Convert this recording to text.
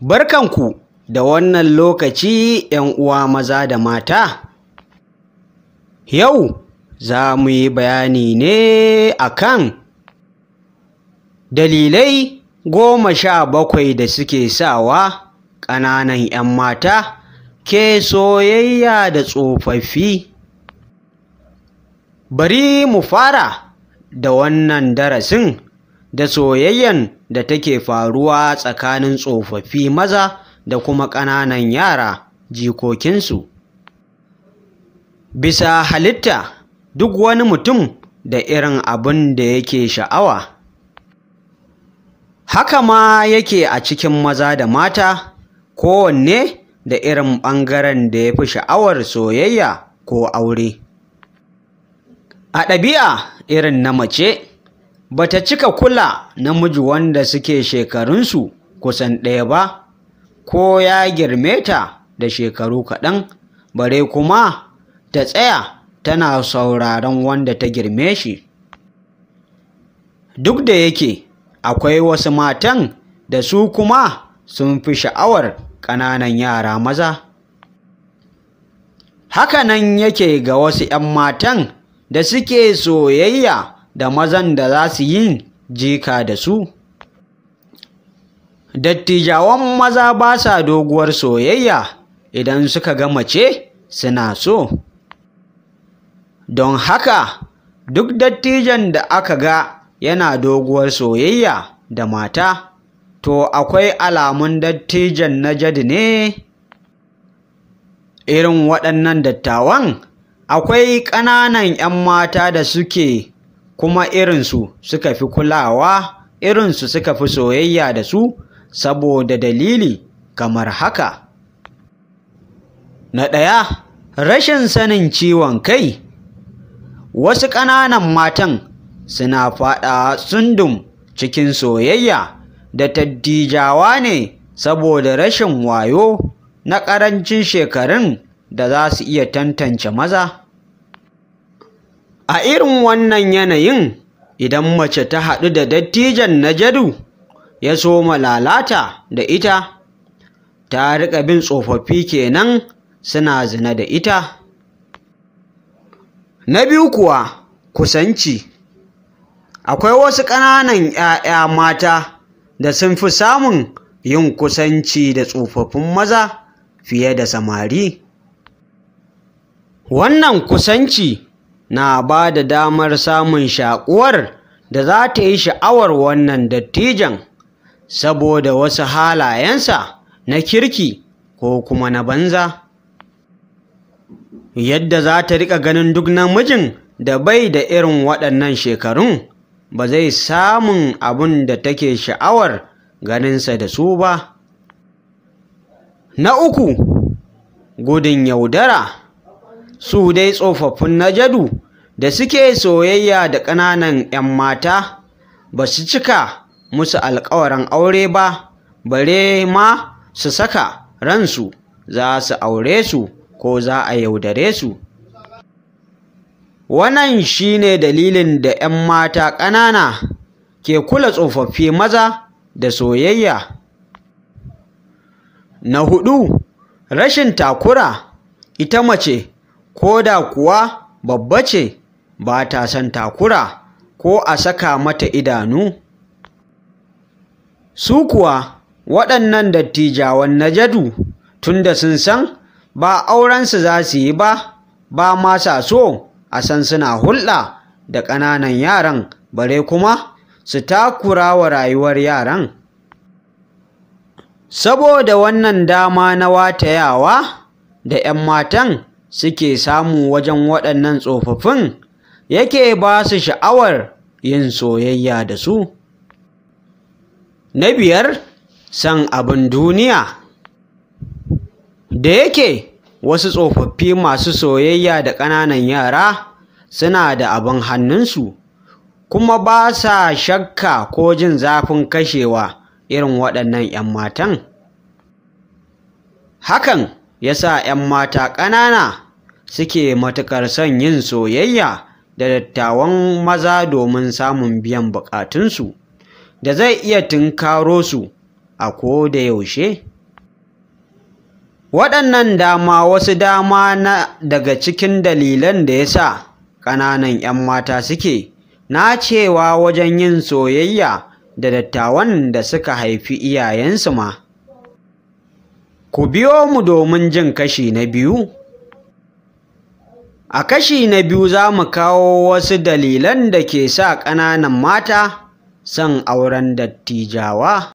Barkanku da wannan lokaci ‘yan uwa maza da mata. Yau za mu yi bayani ne a kan. dalilai goma sha bakwai da suke sawa ƙananan ‘yan mata ke soyayya da tsofaffi. Bari mu fara da wannan darasin da soyayyan da take faruwa tsakanin tsofaffi maza da kuma ƙananan yara jikokinsu bisa halitta duk wani mutum da irin abin da yake sha'awa haka ma yake a cikin maza da mata kowanne da irin ɓangaren da ya fi sha'awar soyayya ko aure a ɗabi'a irin na mace ba ta cika kula namiji wanda suke shekarunsu kusan ɗaya ba ko ya girme ta da shekaru kaɗan bare kuma ta tsaya tana sauraron wanda ta girme shi duk da yake akwai wasu matan da su kuma sun fi sha'awar ƙananan yara maza Haka hakanan yake ga wasu 'yan matan da suke soyayya da mazan da za su yi jika da su dattijawan maza ba sa doguwar soyayya idan suka ga mace suna so don haka duk dattijan da aka ga yana doguwar soyayya da mata to akwai alamun dattijan na jadi ne irin waɗannan dattawan akwai ƙananan 'yan mata da suke kuma irinsu suka fi kulawa irinsu suka fi soyayya da su saboda dalili kamar haka na ɗaya rashin sanin ciwon kai wasu ƙananan matan suna faɗa sundum cikin soyayya da taddijawa ne saboda rashin wayo na ƙarancin shekarun da za su iya tantance maza A irin wannan yanayin, idan mace ta haɗu da na Najadu ya soma lalata da ita, ta riƙa bin tsofaffi kenan suna zina da ita. Na biyu kuwa, kusanci. Akwai wasu ƙananan 'ya'ya mata da sun fi samun yin kusanci da tsofaffin maza fiye da samari. Wannan kusanci na ba da damar samun shaƙuwar da za ta yi sha'awar wannan dattijan saboda wasu halayensa na kirki ko kuma na banza yadda za ta riƙa ganin duk namijin da bai da irin waɗannan shekarun ba zai samun abin da take sha'awar ganinsa da su ba na uku gudun yaudara su dai tsofaffin najadu da suke soyayya da ƙananan 'yan mata ba su cika musu alkawarin aure ba bare ma su saka ransu za su aure su ko za a yaudare su wannan shine dalilin da 'yan mata ƙanana ke kula tsofaffi maza da soyayya na hudu rashin takura ita mace ko da kuwa babba ce ba ta son takura ko a saka mata idanu su kuwa waɗannan dattijawan na jadu tun da sun san ba aurensu za su yi ba ba ma so a san suna hulɗa da ƙananan yaran bare kuma su takura wa rayuwar yaran saboda wannan dama na watayawa da 'yan matan suke samu wajen waɗannan tsofaffin yake ba su sha'awar yin soyayya da su na biyar san abin duniya da yake wasu tsofaffi masu soyayya da ƙananan yara suna da abin hannunsu kuma ba sa shakka ko jin zafin kashewa irin waɗannan 'yan matan hakan ya sa 'yan mata ƙanana suke matuƙar son yin soyayya da dattawan maza domin samun biyan buƙatunsu da zai iya tunkaro su a ko da yaushe waɗannan dama wasu dama na daga cikin dalilan da ya sa ƙananan 'yan mata suke na cewa wajen yin soyayya da dattawan da suka haifi iyayensu ma ku biyo mu domin jin kashi na biyu A kashi na biyu za mu kawo wasu dalilan da ke sa ƙananan mata son auren dattijawa.